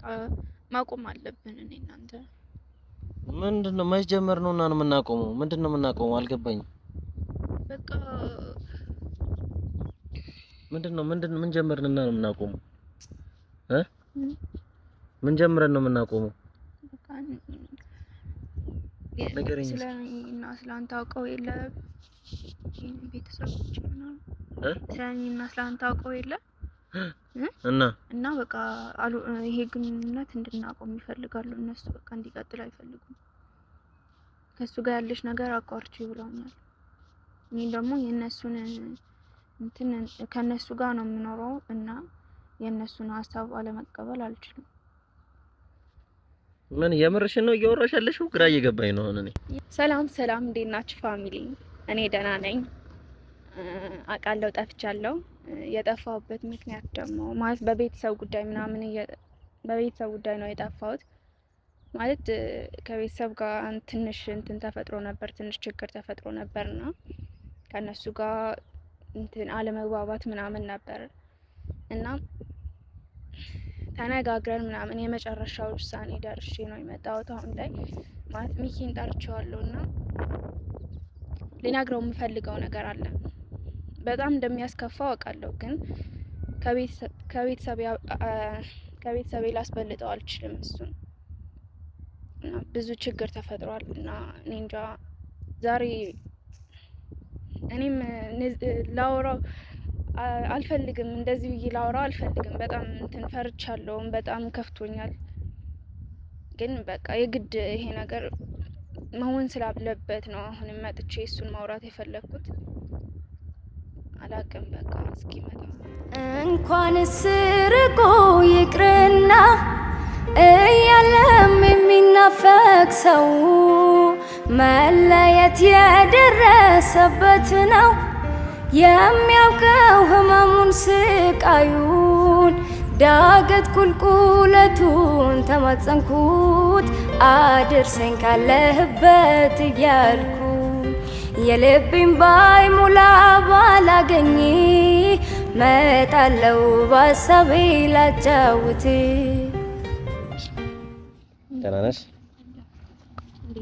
በቃ ማቆም አለብን። እኔ እናንተ ምንድን ነው መች ጀመር ነው እና ነው የምናቆመው? ምንድን ነው የምናቆመው? አልገባኝም። በቃ ምንድን ነው ምንድን ምን ጀመርን እና ነው የምናቆመው? እ ምን ጀምረን ነው የምናቆመው? ስለኔ እና ስለአንተ አውቀው የለ ቤተሰቦች እና አውቀው የለ እና እና በቃ ይሄ ግንኙነት እንድናቆም ይፈልጋሉ እነሱ በቃ እንዲቀጥል አይፈልጉም። ከሱ ጋር ያለሽ ነገር አቋርጪ ብለውኛል። እኔ ደግሞ የእነሱን እንትን ከእነሱ ጋር ነው የምኖረው እና የእነሱን ሀሳብ አለመቀበል አልችልም። ምን የምርሽን ነው እያወራሽ ያለሽው? ግራ እየገባኝ ነው። እኔ ሰላም ሰላም፣ እንዴት ናችሁ ፋሚሊ? እኔ ደህና ነኝ። አውቃለሁ ጠፍቻለሁ። የጠፋሁበት ምክንያት ደግሞ ማለት በቤተሰብ ጉዳይ ምናምን በቤተሰብ ጉዳይ ነው የጠፋሁት። ማለት ከቤተሰብ ጋር ትንሽ እንትን ተፈጥሮ ነበር፣ ትንሽ ችግር ተፈጥሮ ነበር ነበርና ከእነሱ ጋር እንትን አለመግባባት ምናምን ነበር እና ተነጋግረን ምናምን የመጨረሻ ውሳኔ ደርሼ ነው የመጣሁት። አሁን ላይ ማለት ሚኪን ጠርቼዋለሁ እና ሊነግረው የምፈልገው ነገር አለ። በጣም እንደሚያስከፋ አውቃለሁ፣ ግን ከቤተሰቤ ላስበልጠው አልችልም እሱን እና ብዙ ችግር ተፈጥሯል እና እኔ እንጃ ዛሬ እኔም ላውራው አልፈልግም እንደዚህ ብዬ ላውራው አልፈልግም። በጣም እንትን ፈርቻለሁም በጣም ከፍቶኛል። ግን በቃ የግድ ይሄ ነገር መሆን ስላለበት ነው አሁንም መጥቼ እሱን ማውራት የፈለግኩት። አላቅም በቃ እስኪመጣ እንኳን ስርቆ ይቅርና እያለም የሚናፈቅ ሰው መለየት የደረሰበት ነው የሚያውቀው ህመሙን ስቃዩን ዳገት ቁልቁለቱን ተማጸንኩት አድርሰኝ ካለህበት እያልኩ የልብኝ ባይሞላ ባላገኝ መጣለው ባሳቤ ላጫውት ተናነስ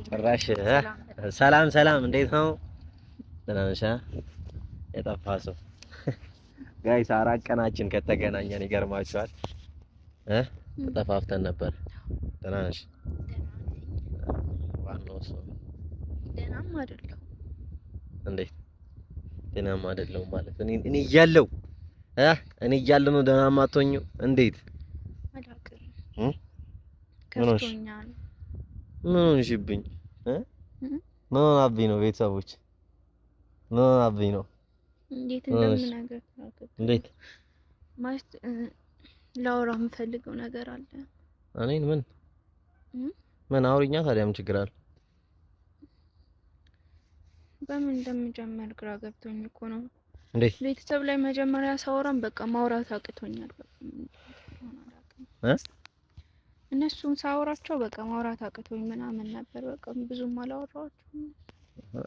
ጭራሽ ሰላም ሰላም፣ እንዴት ነው? ተናነሻ የጠፋ ሰው ጋይስ፣ አራት ቀናችን ከተገናኘን ይገርማችኋል ተጠፋፍተን ነበር። ተናነሽ ዋናው ሰው ደህናም አይደለም እንዴት ጤናማ አይደለሁም ማለት እኔ እኔ እያለሁ እ እኔ እያለሁ ነው ደህናማ አትሆኝም። እንዴት ምን ሆንሽብኝ? ምን ሆናብኝ ነው? ቤተሰቦች ምን ሆናብኝ ነው? እንዴት እንደምናገር ማለት ላውራ የምፈልገው ነገር አለ። እኔን ምን ምን አውሪኛ ታዲያ ምን ችግር አለ? በምን እንደምጀምር ግራ ገብቶኝ እኮ ነው። ቤተሰብ ላይ መጀመሪያ ሳወራም በቃ ማውራት አቅቶኛል። እነሱን ሳወራቸው በቃ ማውራት አቅቶኝ ምናምን ነበር። በቃ ብዙም አላወራኋቸውም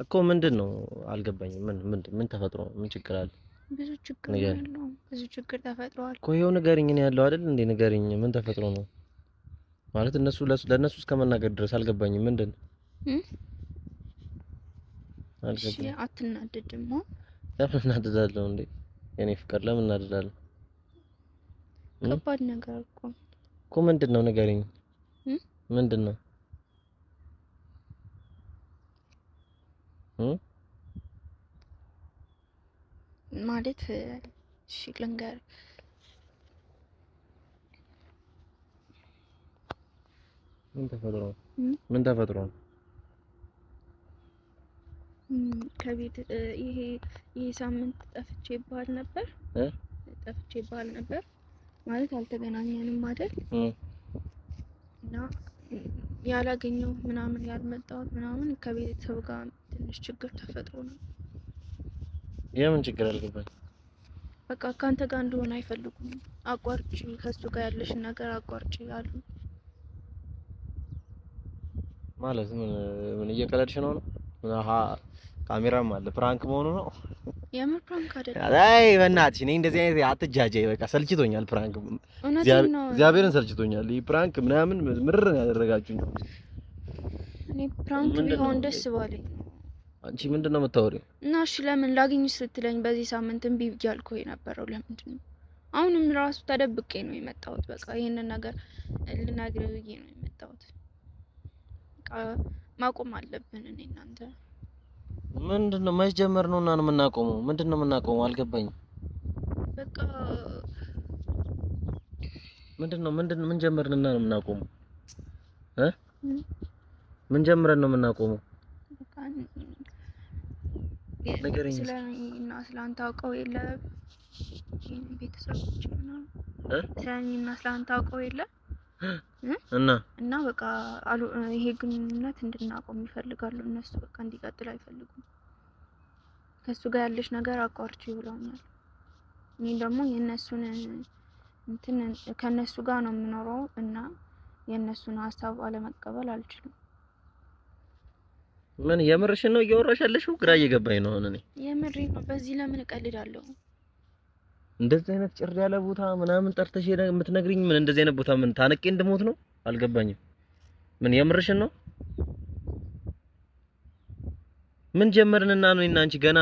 እኮ። ምንድን ነው አልገባኝም። ምን ምን ምን ተፈጥሮ ምን ችግር አለ? ብዙ ችግር ነው። ብዙ ችግር ተፈጥሯል እኮ። ይኸው ንገሪኝ ነው ያለው አይደል እንዴ? ንገሪኝ፣ ምን ተፈጥሮ ነው ማለት? እነሱ ለእነሱ እስከ መናገር ድረስ አልገባኝም። ምንድን ነው አትናደድም? ለምን እንዴ? የኔ ፍቅር ለምን እናደዳለሁ? ከባድ ነገር እኮ እኮ ምንድን ነው ንገሪኝ። ምንድን ነው ማለት? እሺ ልንገር ምን ተፈጥሮ ምን ተፈጥሮ ነው ከቤት ይሄ ይሄ ሳምንት ጠፍቼ ይባል ነበር ጠፍቼ ይባል ነበር ማለት አልተገናኘንም አይደል? እና ያላገኘው ምናምን ያልመጣሁት ምናምን ከቤተሰብ ጋር ትንሽ ችግር ተፈጥሮ ነው። የምን ችግር አልገባኝ። በቃ ከአንተ ጋር እንደሆነ አይፈልጉም። አቋርጪ፣ ከሱ ጋር ያለሽን ነገር አቋርጪ አሉ። ማለት ምን ምን እየቀለድሽ ነው ነው ካሜራም አለ። ፕራንክ መሆኑ ነው። የምር ፕራንክ አይደለም። አይ በእናትሽ እኔ እንደዚህ አይነት አትጃጃይ። በቃ ሰልችቶኛል ፕራንክ፣ እግዚአብሔርን ሰልችቶኛል። ይሄ ፕራንክ ምናምን ምርር ያደረጋችሁኝ። እኔ ፕራንክ ቢሆን ደስ ባለኝ። አንቺ ምንድን ነው የምታወሪው? እና እሺ ለምን ላግኝ ስትለኝ በዚህ ሳምንት እምቢ ብያልኩ የነበረው ለምንድን ነው? አሁንም ራሱ ተደብቄ ነው የመጣሁት። በቃ ይሄንን ነገር ልናግረው ብዬ ነው የመጣሁት። ማቆም አለብን እኔ እናንተ ምንድነው መጀመር ነው እና የምናቆመው? ምንድነው የምናቆመው? አልገባኝም። በቃ ምንድነው ምንድነው ምን ጀመርን እና ነው የምናቆመው? እ ምን ጀምረን ነው የምናቆመው? ነገርኝ እና ስለአንተ አውቀው የለ ቤተሰቦች ምናምን ስለእኔ እና ስለአንተ አውቀው የለ እና እና በቃ ይሄ ግንኙነት እንድናቆም ይፈልጋሉ እነሱ በቃ እንዲቀጥል አይፈልጉም። ከሱ ጋር ያለሽ ነገር አቋርጪ ብለውኛል። እኔ ደግሞ የእነሱን እንትን ከእነሱ ጋር ነው የምኖረው እና የእነሱን ሀሳብ አለመቀበል አልችልም። ምን የምርሽን ነው እያወራሽ ያለሽው? ግራ እየገባኝ ነው። እኔ የምሬን ነው። በዚህ ለምን እቀልዳለሁ? እንደዚህ አይነት ጭር ያለ ቦታ ምናምን ጠርተሽ የምትነግሪኝ ምን? እንደዚህ አይነት ቦታ ምን ታነቄ እንደሞት ነው? አልገባኝም። ምን የምርሽን ነው? ምን ጀመርንና ነው እና አንቺ ገና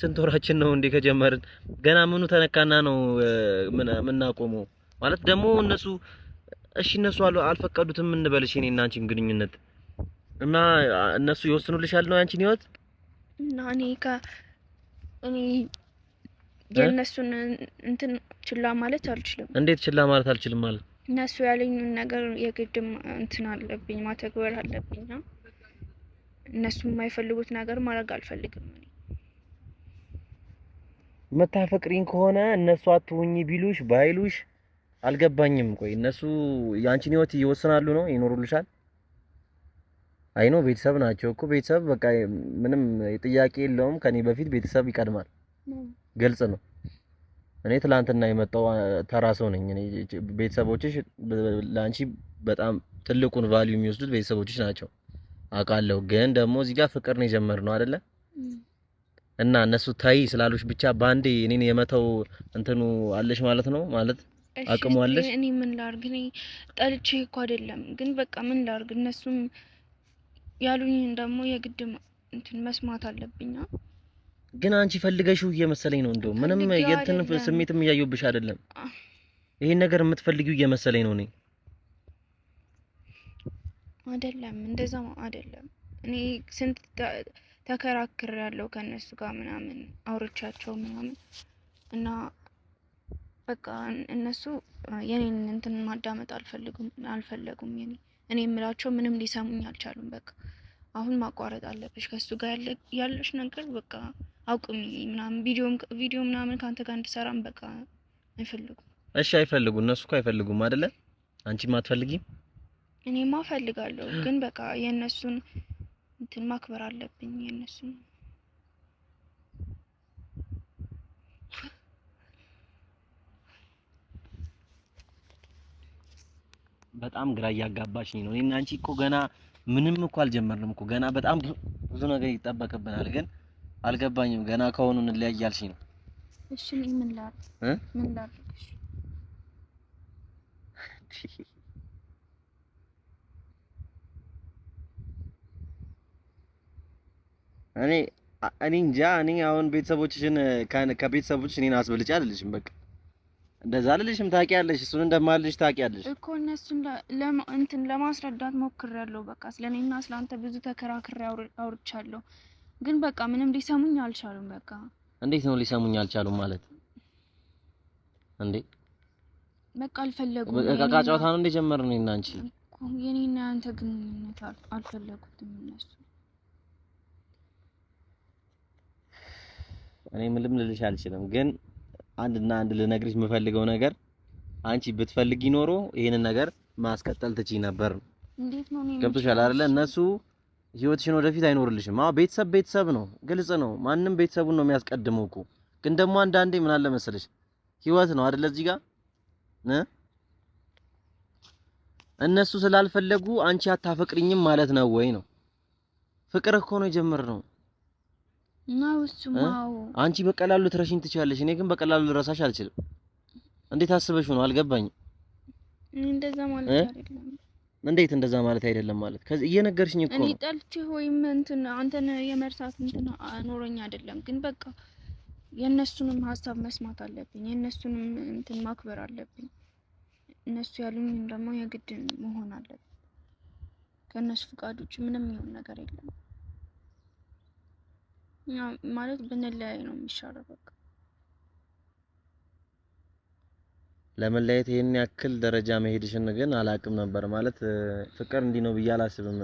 ስንት ወራችን ነው እንዴ? ከጀመርን ገና ምኑ ተነካና ነው የምናቆመው? ማለት ደግሞ እነሱ እሺ፣ እነሱ አልፈቀዱትም እንበልሽ እኔ እና አንቺን ግንኙነት እና እነሱ ይወስኑልሻል ነው ያንቺን ህይወት እና እኔ የእነሱን እንትን ችላ ማለት አልችልም። እንዴት ችላ ማለት አልችልም ማለት እነሱ ያለኝን ነገር የግድም እንትን አለብኝ ማተግበር አለብኝ። ና እነሱ የማይፈልጉት ነገር ማድረግ አልፈልግም። መታፈቅሪኝ ከሆነ እነሱ አትሁኝ ቢሉሽ ባይሉሽ አልገባኝም። ቆይ እነሱ የአንቺን ህይወት ይወስናሉ ነው ይኖሩልሻል? አይኖ ቤተሰብ ናቸው እኮ ቤተሰብ በቃ ምንም ጥያቄ የለውም። ከኔ በፊት ቤተሰብ ይቀድማል። ግልጽ ነው። እኔ ትላንትና የመጣው ተራ ሰው ነኝ። እኔ ቤተሰቦችሽ ለአንቺ በጣም ትልቁን ቫልዩ የሚወስዱት ቤተሰቦችሽ ናቸው አውቃለሁ። ግን ደግሞ እዚህ ጋር ፍቅር ነው የጀመርነው አይደለ? እና እነሱ ታይ ስላሉሽ ብቻ ባንዴ እኔን የመተው እንትኑ አለሽ ማለት ነው ማለት አቅሙ አለሽ። እኔ ምን ላርግ? እኔ ጠልቼ እኮ አይደለም፣ ግን በቃ ምን ላርግ? እነሱም ያሉኝ ደግሞ የግድ እንትን መስማት አለብኛ ግን አንቺ ፈልገሽው እየመሰለኝ ነው። እንደው ምንም የእንትን ስሜትም እያየሁብሽ አይደለም። ይሄን ነገር የምትፈልጊው እየመሰለኝ ነው። እኔ አይደለም እንደዛ አይደለም። እኔ ስንት ተከራክር ያለው ከነሱ ጋር ምናምን አውርቻቸው ምናምን እና በቃ እነሱ የኔን እንትን ማዳመጥ አልፈልጉም አልፈለጉም። የኔ እኔ የምላቸው ምንም ሊሰሙኝ አልቻሉም። በቃ አሁን ማቋረጥ አለብሽ ከሱ ጋር ያለሽ ነገር በቃ አቁሚ ምናምን ቪዲዮም ቪዲዮ ምናምን ከአንተ ጋር እንድሰራም በቃ አይፈልጉ እሺ አይፈልጉ እነሱ እኮ አይፈልጉም አይደለ? አንቺ አትፈልጊም። እኔ ማፈልጋለሁ ግን በቃ የእነሱን እንትን ማክበር አለብኝ። የእነሱን በጣም ግራ እያጋባችኝ ነው። እኔና አንቺ እኮ ገና ምንም እኮ አልጀመርንም እኮ ገና በጣም ብዙ ነገር ይጠበቅብናል። ግን አልገባኝም። ገና ከሆኑ እንለያይ እያልሽ ነው። እሺ ምን ላድርግ ምን ላድርግ እሺ እኔ እኔ እንጃ። እኔ አሁን ቤተሰቦችሽን ከቤተሰቦችሽ እኔን አስበልጬ አይደለሽም በቃ እንደዛ ልልሽም ታውቂያለሽ፣ እሱን እንደማልልሽ ታውቂያለሽ እኮ። እነሱን እንትን ለማስረዳት ሞክሬያለሁ። በቃ ስለኔና ስለአንተ ብዙ ተከራክሬ አውርቻለሁ፣ ግን በቃ ምንም ሊሰሙኝ አልቻሉም። በቃ እንዴት ነው ሊሰሙኝ አልቻሉም ማለት እንዴ? በቃ አልፈለጉም። በቃ ጨዋታ ነው እንደጀመር ነው እና አንቺ የኔና አንተ ግንኙነት አልፈለጉትም እነሱ። እኔ ምንም ልልሽ አልችልም ግን አንድና አንድ ልነግርሽ የምፈልገው ነገር አንቺ ብትፈልጊ ኖሮ ይሄንን ነገር ማስቀጠል ትችይ ነበር። እንዴት ነው ነው ገብቶሻል አይደለ? እነሱ ህይወትሽን ወደፊት አይኖርልሽም። አዎ ቤተሰብ ቤተሰብ ነው፣ ግልጽ ነው። ማንም ቤተሰቡን ነው የሚያስቀድመው እኮ። ግን ደግሞ አንዳንዴ ምን አለ መሰለሽ ህይወት ነው አይደለ? እዚህ ጋር እነሱ ስላልፈለጉ አንቺ አታፈቅሪኝም ማለት ነው ወይ? ነው ፍቅር እኮ ነው የጀመርነው አንቺ በቀላሉ ትረሽኝ ትችላለሽ፣ እኔ ግን በቀላሉ ልረሳሽ አልችልም። እንዴት አስበሽ ነው አልገባኝም። እንደዛ ማለት አይደለም። እንዴት እንደዛ ማለት አይደለም ማለት ከዚህ እየነገርሽኝ እኮ እኔ ጠልቼህ ወይም እንትን አንተን የመርሳት እንትን ኖሮኝ አይደለም፣ ግን በቃ የእነሱንም ሀሳብ መስማት አለብኝ፣ የእነሱንም እንትን ማክበር አለብኝ። እነሱ ያሉኝ ደግሞ የግድ መሆን አለብኝ። ከእነሱ ፍቃዶች ምንም ነገር የለም። ማለት ብንለያይ ነው የሚሻለው። በቃ ለመለያየት ይሄን ያክል ደረጃ መሄድሽን ግን አላቅም ነበር። ማለት ፍቅር እንዲህ ነው ብዬ አላስብም።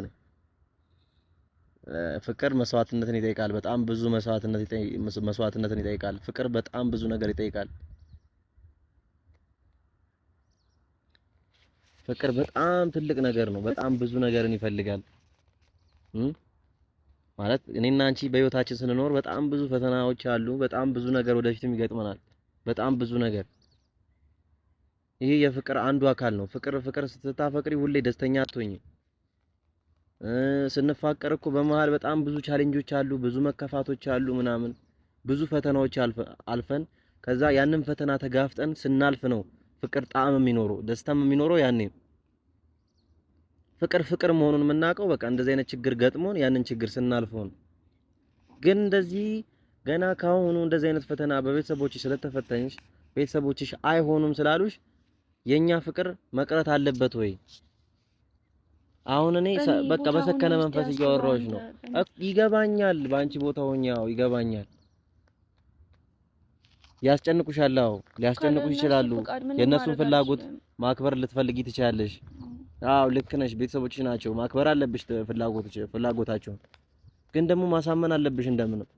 ፍቅር መስዋዕትነትን ይጠይቃል። በጣም ብዙ መስዋዕትነትን ይጠይቃል። ፍቅር በጣም ብዙ ነገር ይጠይቃል። ፍቅር በጣም ትልቅ ነገር ነው። በጣም ብዙ ነገርን ይፈልጋል። ማለት እኔና አንቺ በህይወታችን ስንኖር በጣም ብዙ ፈተናዎች አሉ። በጣም ብዙ ነገር ወደፊትም ይገጥመናል። በጣም ብዙ ነገር። ይሄ የፍቅር አንዱ አካል ነው። ፍቅር ፍቅር ስትታፈቅሪ ሁሌ ደስተኛ አትሆኚ። ስንፋቀር እኮ በመሃል በጣም ብዙ ቻሌንጆች አሉ፣ ብዙ መከፋቶች አሉ፣ ምናምን ብዙ ፈተናዎች አልፈን ከዛ ያንን ፈተና ተጋፍጠን ስናልፍ ነው ፍቅር ጣዕም የሚኖረው ደስታም የሚኖረው ያኔ ፍቅር ፍቅር መሆኑን የምናውቀው በቃ እንደዚህ አይነት ችግር ገጥሞን ያንን ችግር ስናልፈው ነው። ግን እንደዚህ ገና ካሁኑ እንደዚህ አይነት ፈተና በቤተሰቦችሽ ስለተፈተንሽ ቤተሰቦችሽ አይሆኑም ስላሉሽ የኛ ፍቅር መቅረት አለበት ወይ? አሁን እኔ በቃ በሰከነ መንፈስ እያወራሁሽ ነው። ይገባኛል፣ በአንቺ ቦታ ሆኛው ይገባኛል። ያስጨንቁሻል፣ አዎ ሊያስጨንቁሽ ይችላሉ። የእነሱን ፍላጎት ማክበር ልትፈልጊ ትችላለሽ። አዎ ልክ ነሽ። ቤተሰቦች ናቸው ማክበር አለብሽ ፍላጎቶች ፍላጎታቸውን ግን ደግሞ ማሳመን አለብሽ እንደምንም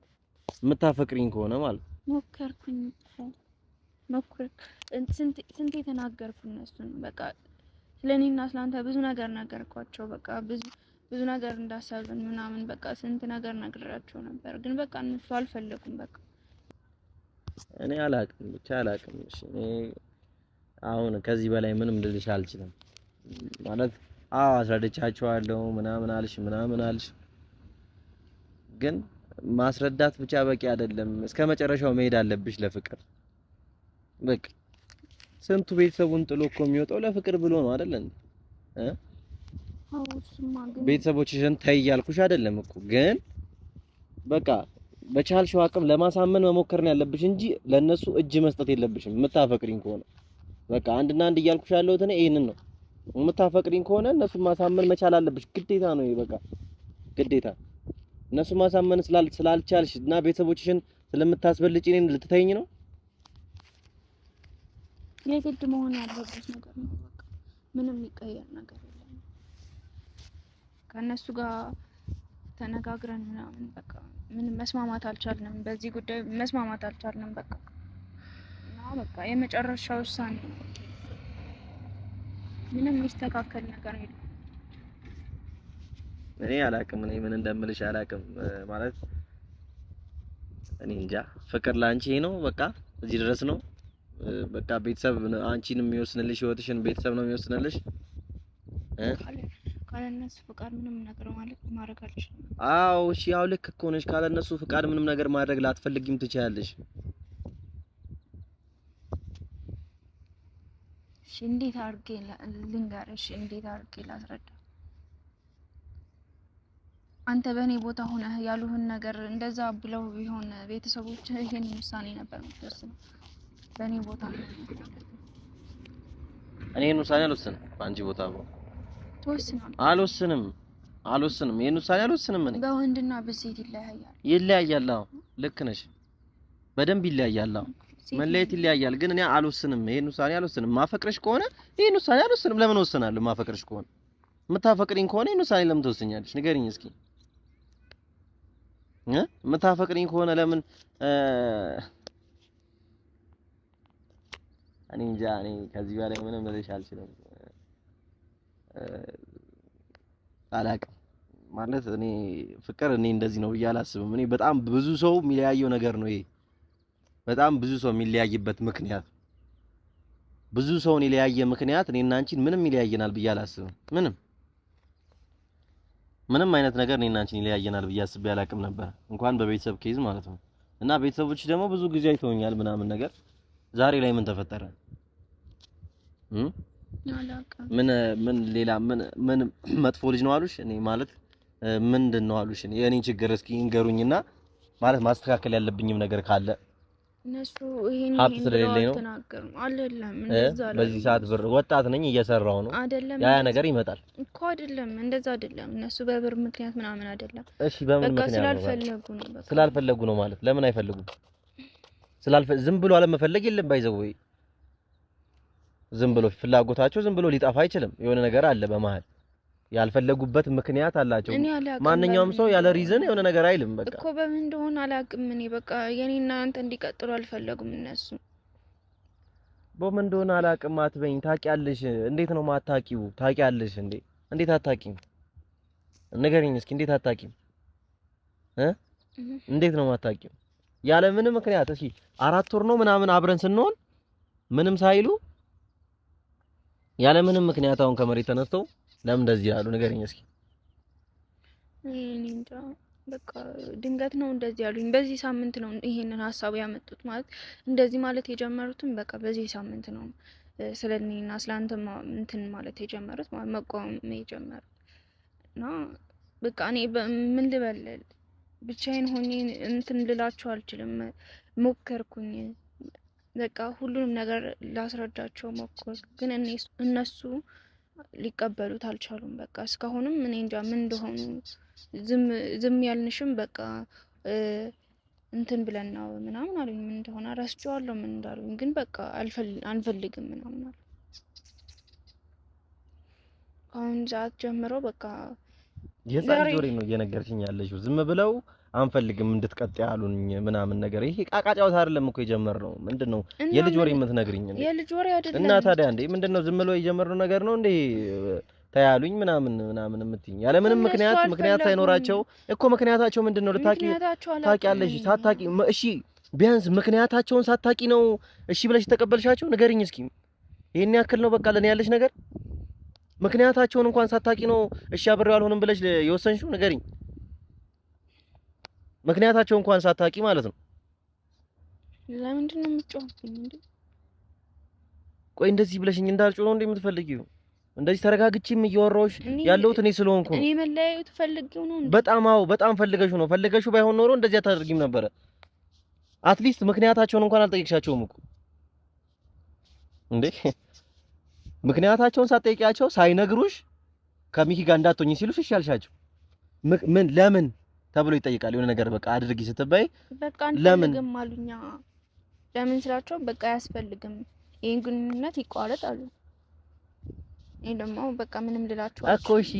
የምታፈቅሪኝ ከሆነ ማለት ሞከርኩኝ ሞከርኩ ስንት የተናገርኩ እነሱን በቃ ስለኔና ስለአንተ ብዙ ነገር ነገርኳቸው። በቃ ብዙ ብዙ ነገር እንዳሰብን ምናምን በቃ ስንት ነገር ነግሬያቸው ነበር፣ ግን በቃ እነሱ አልፈለጉም። በቃ እኔ አላቅም ብቻ አላቅም። እሺ እኔ አሁን ከዚህ በላይ ምንም ልልሽ አልችልም። ማለት አዎ አስረድቻቸዋለሁ ምናምን አልሽ ምናምን አልሽ፣ ግን ማስረዳት ብቻ በቂ አይደለም። እስከ መጨረሻው መሄድ አለብሽ ለፍቅር በቃ። ስንቱ ቤተሰቡን ጥሎ እኮ የሚወጣው ለፍቅር ብሎ ነው አይደል እንዴ? ቤተሰቦችሽን ተይ እያልኩሽ አይደለም እኮ ግን በቃ በቻልሽው አቅም ለማሳመን መሞከር ነው ያለብሽ እንጂ ለነሱ እጅ መስጠት የለብሽም። የምታፈቅሪኝ ከሆነ በቃ አንድና አንድ እያልኩሽ ያለሁት እኔ ይሄንን ነው። የምታፈቅሪኝ ከሆነ እነሱ ማሳመን መቻል አለብሽ። ግዴታ ነው በቃ ግዴታ። እነሱ ማሳመን ስላልቻልሽ እና ቤተሰቦችሽን ስለምታስበልጪ እኔን ልትተኝ ነው። የግድ መሆን ያለበት ነገር ነው። በቃ ምንም የሚቀየር ነገር የለም። ከእነሱ ጋር ተነጋግረን ምናምን በቃ ምንም መስማማት አልቻልንም። በዚህ ጉዳይ መስማማት አልቻልንም። በቃ እና በቃ የመጨረሻ ውሳኔ ነው። ምንም የሚስተካከል ነገር የለም። እኔ አላቅም፣ እኔ ምን እንደምልሽ አላቅም። ማለት እኔ እንጃ ፍቅር ለአንቺ ነው፣ በቃ እዚህ ድረስ ነው። በቃ ቤተሰብ አንቺን የሚወስንልሽ ህይወትሽን ቤተሰብ ነው የሚወስንልሽ። ካለነሱ ፍቃድ ምንም ነገር ማለት ማድረግ አልችልም። አዎ እሺ፣ ያው ልክ እኮ ነሽ። ካለነሱ ፍቃድ ምንም ነገር ማድረግ ላትፈልጊም ትችያለሽ። እንዴት አድርጌ ልንገርሽ? እንዴት አድርጌ ላስረዳ? አንተ በእኔ ቦታ ሆነህ ያሉህን ነገር እንደዛ ብለው ቢሆን ቤተሰቦች ይህን ውሳኔ ነበር የምትወስነው። በእኔ ቦታ እኔ ይህን ውሳኔ አልወስንም። በአንቺ ቦታ ትወስናለህ? አልወስንም፣ አልወስንም። ይህን ውሳኔ አልወስንም። እኔ በወንድና በሴት ይለያያል፣ ይለያያል። ልክ ነሽ፣ በደንብ ይለያያል። መለየት ይለያያል። ግን እኔ አልወስንም፣ ይሄን ውሳኔ አልወስንም። ማፈቅረሽ ከሆነ ይሄን ውሳኔ አልወስንም። ለምን ወስናለሁ? ማፈቅረሽ ከሆነ የምታፈቅሪኝ ከሆነ ይሄን ውሳኔ ለምን ትወስኛለሽ? ንገሪኝ እስኪ። እ የምታፈቅሪኝ ከሆነ ለምን እኔ እንጃ። እኔ ከዚህ በላይ ምንም ልልሽ አልችልም። አላቅም ማለት እኔ ፍቅር እኔ እንደዚህ ነው ብዬ አላስብም። እኔ በጣም ብዙ ሰው የሚለያየው ነገር ነው ይሄ በጣም ብዙ ሰው የሚለያይበት ምክንያት ብዙ ሰውን የለያየ ምክንያት እኔና አንቺን ምንም ይለያየናል ብዬ አላስብም። ምንም ምንም አይነት ነገር እኔና አንቺን ይለያየናል ብዬ አስቤ አላቅም ነበር፣ እንኳን በቤተሰብ ኬዝ ማለት ነው። እና ቤተሰቦች ደግሞ ብዙ ጊዜ አይተውኛል ምናምን ነገር ዛሬ ላይ ምን ተፈጠረ? ምን ምን ሌላ ምን ምን መጥፎ ልጅ ነው አሉሽ? እኔ ማለት ምንድን ነው አሉሽ? የእኔን ችግር እስኪ እንገሩኝና ማለት ማስተካከል ያለብኝም ነገር ካለ እነሱ ይሄን ሀብት ስለሌለኝ ነው አይደለም። እንደዛ በዚህ ሰዓት ብር ወጣት ነኝ እየሰራው ነው አይደለም። ያ ነገር ይመጣል እኮ አይደለም። እንደዛ አይደለም። እነሱ በብር ምክንያት ምናምን አይደለም። እሺ፣ በምን ምክንያት ስላልፈለጉ ነው? በቃ ስላልፈለጉ ነው ማለት ለምን አይፈልጉም? ስላልፈ ዝም ብሎ አለመፈለግ የለም ባይዘው ዝም ብሎ ፍላጎታቸው ዝም ብሎ ሊጠፋ አይችልም። የሆነ ነገር አለ በመሀል ያልፈለጉበት ምክንያት አላቸው። ማንኛውም ሰው ያለ ሪዝን የሆነ ነገር አይልም። በቃ እኮ በምን እንደሆነ አላውቅም። እኔ በቃ የኔና አንተ እንዲቀጥሉ አልፈለጉም እነሱ። በምን እንደሆነ አላውቅም አትበኝ። ታውቂያለሽ። እንዴት ነው ማታውቂው? ታውቂያለሽ እንዴ? እንዴት አታውቂም? ንገሪኝ እስኪ እንዴት አታውቂም? እ እንዴት ነው ማታውቂው? ያለ ምንም ምክንያት እሺ፣ አራት ወር ነው ምናምን አብረን ስንሆን ምንም ሳይሉ ያለ ምንም ምክንያት አሁን ከመሬት ተነስተው ለምን እንደዚህ ያሉ ንገረኝ እስኪ። እንጃ በቃ ድንገት ነው እንደዚህ ያሉኝ። በዚህ ሳምንት ነው ይሄንን ሀሳብ ያመጡት። ማለት እንደዚህ ማለት የጀመሩትም በቃ በዚህ ሳምንት ነው ስለ እኔና ስለ አንተ እንትን ማለት የጀመሩት ማለት መቃወም የጀመሩት እና በቃ እኔ ምን ልበለል ብቻዬን ሆኜ እንትን ልላቸው አልችልም። ሞከርኩኝ በቃ ሁሉንም ነገር ላስረዳቸው ሞከርኩ፣ ግን እነሱ ሊቀበሉት አልቻሉም። በቃ እስካሁንም እኔ እንጃ ምን እንደሆኑ ዝም ዝም ያልንሽም በቃ እንትን ብለን ነው ምናምን አሉኝ። ምን እንደሆነ ረስቼዋለሁ ምን እንዳሉኝ ግን በቃ አንፈልግም ምናምን አሉ። ከአሁን ሰዓት ጀምሮ በቃ የጻሪ ጆሪ ነው እየነገርሽኝ ያለሽው ዝም ብለው አንፈልግም እንድትቀጥ ያሉኝ ምናምን ነገር። ይሄ ዕቃ ዕቃ አይደለም እኮ የጀመርነው። ምንድነው የልጅ ወሬ የምትነግርኝ? የልጅ ወሬ አይደለም እና ታዲያ እንዴ ምንድነው ዝም ብሎ የጀመርነው ነገር ነው እንዴ? ተያሉኝ ምናምን ምናምን የምትይኝ ያለ ምንም ምክንያት ምክንያት ሳይኖራቸው እኮ ምክንያታቸው ምንድነው? ነው? ታቂ አለሽ ሳታቂ እሺ ቢያንስ ምክንያታቸውን ሳታቂ ነው እሺ ብለሽ ተቀበልሻቸው? ንገሪኝ እስኪ ይሄን ያክል ነው በቃ ለኔ ያለሽ ነገር። ምክንያታቸውን እንኳን ሳታቂ ነው እሺ አብሬው አልሆንም ብለሽ የወሰንሽው? ንገሪኝ ምክንያታቸው እንኳን ሳታውቂ ማለት ነው። ለምንድን ነው የምትጮህብኝ እንዴ? ቆይ እንደዚህ ብለሽኝ እንዳልጮህ ነው እንዴ የምትፈልጊው? እንደዚህ ተረጋግቼም እያወራሁሽ ያለሁት እኔ ስለሆንኩ ነው። እኔ መለያየት ፈልጊው ነው እንዴ? በጣም አዎ፣ በጣም ፈልገሽ ነው። ፈልገሽው ባይሆን ኖሮ እንደዚህ አታደርጊም ነበረ። አትሊስት ምክንያታቸውን እንኳን አልጠየቅሻቸውም እኮ እንዴ። ምክንያታቸውን ሳትጠይቂያቸው ሳይነግሩሽ ከሚኪ ጋር እንዳትሆኝ ሲሉሽ እሺ አልሻቸው። ምን ለምን ተብሎ ይጠይቃል። የሆነ ነገር በቃ አድርጊ ስትባይ በቃ አሉኛ። ለምን ስላቸው በቃ አያስፈልግም፣ ይሄን ግንኙነት ይቋረጥ አሉ። ይሄ ደግሞ በቃ ምንም ልላችሁ እኮ እሺ፣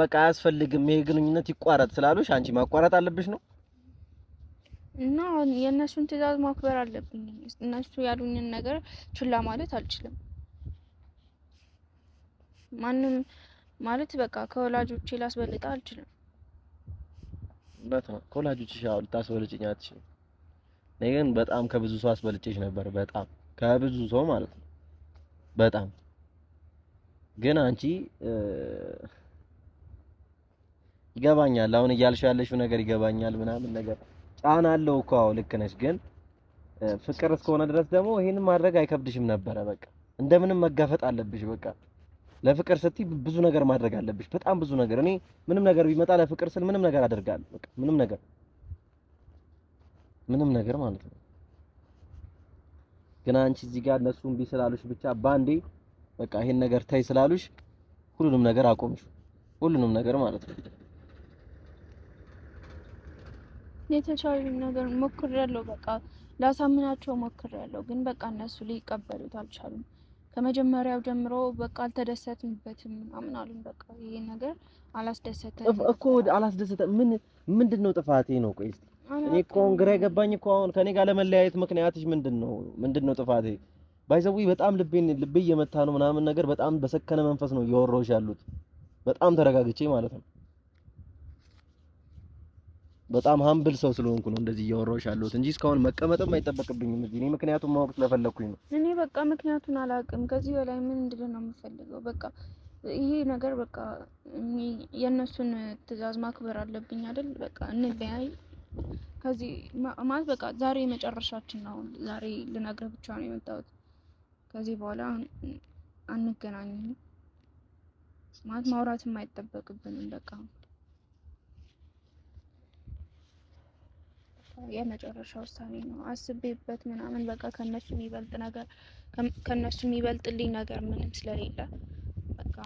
በቃ አያስፈልግም፣ ይሄ ግንኙነት ይቋረጥ ስላሉሽ አንቺ ማቋረጥ አለብሽ ነው እና የእነሱን ትዕዛዝ ማክበር አለብኝ። እነሱ ያሉኝን ነገር ችላ ማለት አልችልም። ማንም ማለት በቃ ከወላጆቼ ላስበልጣ አልችልም። እውነት ነው። ከወላጆችሽ ያው ልታስበልጭኝ አትችይም። እኔ ግን በጣም ከብዙ ሰው አስበልጭሽ ነበር። በጣም ከብዙ ሰው ማለት ነው። በጣም ግን አንቺ ይገባኛል፣ አሁን እያልሽ ያለሽው ነገር ይገባኛል፣ ምናምን ነገር ጫና አለው እኮ። አዎ ልክ ነሽ። ግን ፍቅር እስከሆነ ድረስ ደግሞ ይሄንን ማድረግ አይከብድሽም ነበረ። በቃ እንደምንም መጋፈጥ አለብሽ በቃ ለፍቅር ስትይ ብዙ ነገር ማድረግ አለብሽ። በጣም ብዙ ነገር። እኔ ምንም ነገር ቢመጣ ለፍቅር ስል ምንም ነገር አደርጋለሁ። በቃ ምንም ነገር ምንም ነገር ማለት ነው። ግን አንቺ እዚህ ጋር እነሱ እምቢ ስላሉሽ ብቻ ባንዴ በቃ ይሄን ነገር ታይ ስላሉሽ ሁሉንም ነገር አቆምሽ። ሁሉንም ነገር ማለት ነው። የተቻለኝ ነገር ሞክሬያለሁ። በቃ ላሳምናቸው ሞክሬያለሁ። ግን በቃ እነሱ ሊቀበሉት አልቻሉም። ከመጀመሪያው ጀምሮ በቃ አልተደሰትንበትም ምናምን አሉን። በቃ ይሄ ነገር አላስደሰተ እኮ አላስደሰተ። ምን ምንድን ነው ጥፋቴ ነው? ቆይ እኔ እኮ አሁን ግራ የገባኝ እኮ አሁን ከኔ ጋር ለመለያየት ምክንያትሽ ምንድን ነው? ምንድን ነው ጥፋቴ? ባይዘዊ በጣም ልቤን ልቤ እየመታ ነው ምናምን ነገር በጣም በሰከነ መንፈስ ነው እያወራሁሽ ያሉት በጣም ተረጋግቼ ማለት ነው በጣም ሀምብል ሰው ስለሆንኩ ነው እንደዚህ እያወራሁሽ ያለሁት እንጂ እስካሁን መቀመጥም አይጠበቅብኝም እዚህ። እኔ ምክንያቱም ማወቅ ስለፈለኩኝ ነው። እኔ በቃ ምክንያቱን አላውቅም። ከዚህ በላይ ምን እንድል ነው የምፈልገው? በቃ ይሄ ነገር በቃ የእነሱን ትዕዛዝ ማክበር አለብኝ አይደል? በቃ እንለያይ። ከዚህ ማለት በቃ ዛሬ መጨረሻችን ነው። ዛሬ ልነግርህ ብቻ ነው የመጣሁት። ከዚህ በኋላ አንገናኝም ማለት ማውራትም አይጠበቅብንም በቃ የመጨረሻ ውሳኔ ነው። አስቤበት ምናምን በቃ ከነሱ የሚበልጥ ነገር ከነሱ የሚበልጥልኝ ነገር ምንም ስለሌለ በቃ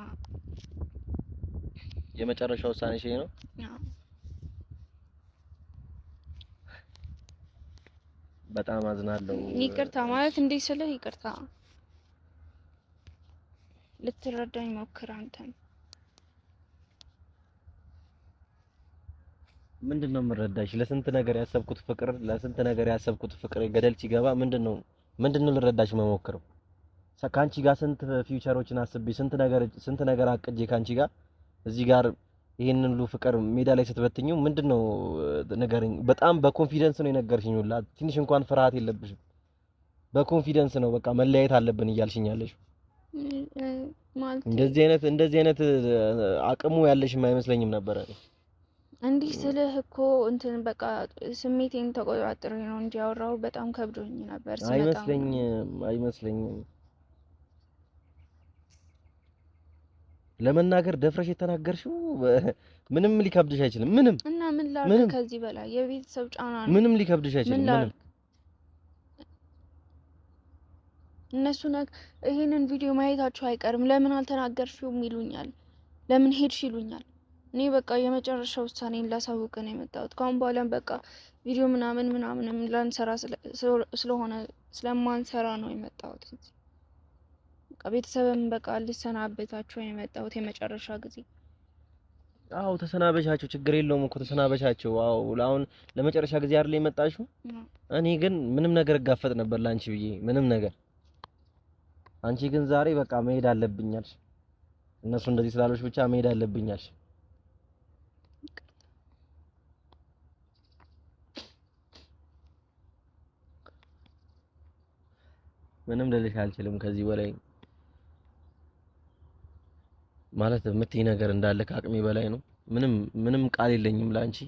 የመጨረሻ ውሳኔ ሽ ነው። በጣም አዝናለሁ። ይቅርታ ማለት እንዴ ስለ ይቅርታ ልትረዳኝ ሞክር አንተን ምንድን ነው የምረዳሽ? ለስንት ነገር ያሰብኩት ፍቅር ለስንት ነገር ያሰብኩት ፍቅር ገደል ሲገባ ምንድን ነው ምንድን ነው ልረዳሽ መሞክረው ከአንቺ ጋር ስንት ፊውቸሮችን አስቤ ስንት ነገር ስንት ነገር አቅጄ ከአንቺ ጋር እዚህ ጋር ይሄንን ሁሉ ፍቅር ሜዳ ላይ ስትበትኝው ምንድን ነው ንገረኝ። በጣም በኮንፊደንስ ነው የነገርሽኝ ሁላ ትንሽ እንኳን ፍርሃት የለብሽም። በኮንፊደንስ ነው በቃ መለያየት አለብን እያልሽኝ ያለሽ እንደዚህ አይነት እንደዚህ አይነት አቅሙ ያለሽም አይመስለኝም ነበረ። እንዲህ ስልህ እኮ እንትን በቃ ስሜቴን ተቆጣጥሮ ነው እንጂ ያወራው በጣም ከብዶኝ ነበር። አይመስለኝም አይመስለኝም ለመናገር ደፍረሽ የተናገርሽው ምንም ሊከብድሽ አይችልም። ምንም እና ምን ላድርግ ከዚህ በላይ የቤተሰብ ጫና ነው። ምንም ሊከብድሽ አይችልም። ምንም እነሱ ይሄንን ቪዲዮ ማየታቸው አይቀርም ለምን አልተናገርሽውም ይሉኛል፣ ለምን ሄድሽ ይሉኛል። እኔ በቃ የመጨረሻ ውሳኔን ላሳውቅ ነው የመጣሁት። ከአሁን በኋላም በቃ ቪዲዮ ምናምን ምናምንም ላንሰራ ስለሆነ ስለማንሰራ ነው የመጣሁት። በቃ ቤተሰብም በቃ ልሰናበታቸው ነው የመጣሁት የመጨረሻ ጊዜ። አዎ ተሰናበቻቸው፣ ችግር የለውም እኮ ተሰናበቻቸው። አዎ አሁን ለመጨረሻ ጊዜ አይደል የመጣሽው? እኔ ግን ምንም ነገር እጋፈጥ ነበር ላንቺ ብዬ ምንም ነገር። አንቺ ግን ዛሬ በቃ መሄድ አለብኛል እነሱ እንደዚህ ስላሎች ብቻ መሄድ አለብኛል ምንም ልልሽ አልችልም ከዚህ በላይ ማለት የምትይ ነገር እንዳለ ከአቅሜ በላይ ነው። ምንም ምንም ቃል የለኝም ለአንቺ።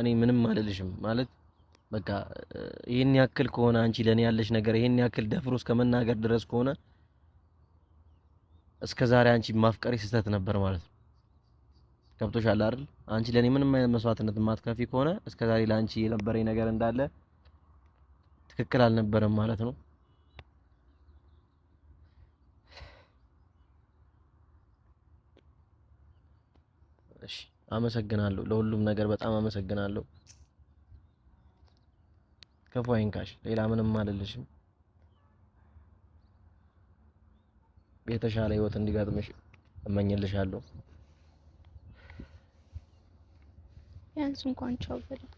እኔ ምንም አልልሽም ማለት በቃ ይህን ያክል ከሆነ አንቺ ለእኔ ያለሽ ነገር ይህን ያክል ደፍሮ እስከ መናገር ድረስ ከሆነ እስከ ዛሬ አንቺ ማፍቀሪ ስህተት ነበር ማለት ነው። ገብቶሻል አይደል? አንቺ ለእኔ ምንም አይነት መስዋዕትነት የማትከፊ ከሆነ እስከ ዛሬ ለአንቺ የነበረኝ ነገር እንዳለ ትክክል አልነበረም ማለት ነው። አመሰግናለሁ። ለሁሉም ነገር በጣም አመሰግናለሁ። ክፉ አይንካሽ። ሌላ ምንም አልልሽም። የተሻለ ህይወት እንዲገጥምሽ እመኝልሻለሁ። ቢያንስ እንኳን ቻው በለው።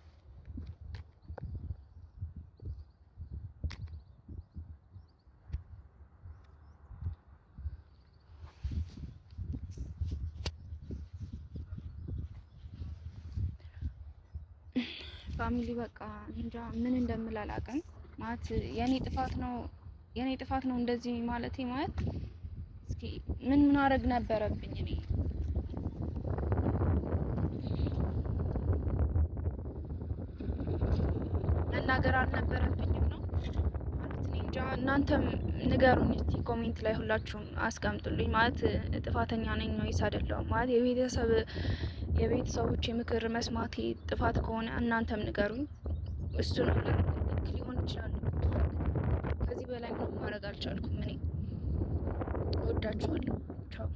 ፋሚሊ በቃ እንጃ ምን እንደምል አላውቅም። ማለት የኔ ጥፋት ነው የኔ ጥፋት ነው እንደዚህ ማለቴ ማለት እስኪ ምን ማድረግ ነበረብኝ እኔ መናገር አልነበረብኝም ነው ማለት እኔ እንጃ። እናንተም ንገሩኝ እስቲ ኮሜንት ላይ ሁላችሁም አስቀምጡልኝ። ማለት ጥፋተኛ ነኝ ወይስ አይደለሁም? ማለት የቤተሰብ የቤተሰቦች የምክር መስማቴ ጥፋት ከሆነ እናንተም ንገሩኝ። እሱ ነው ልክ ሊሆን ይችላል። ከዚህ በላይ ምንም ማድረግ አልቻልኩም። እኔ ወዳችኋለሁ። ቻው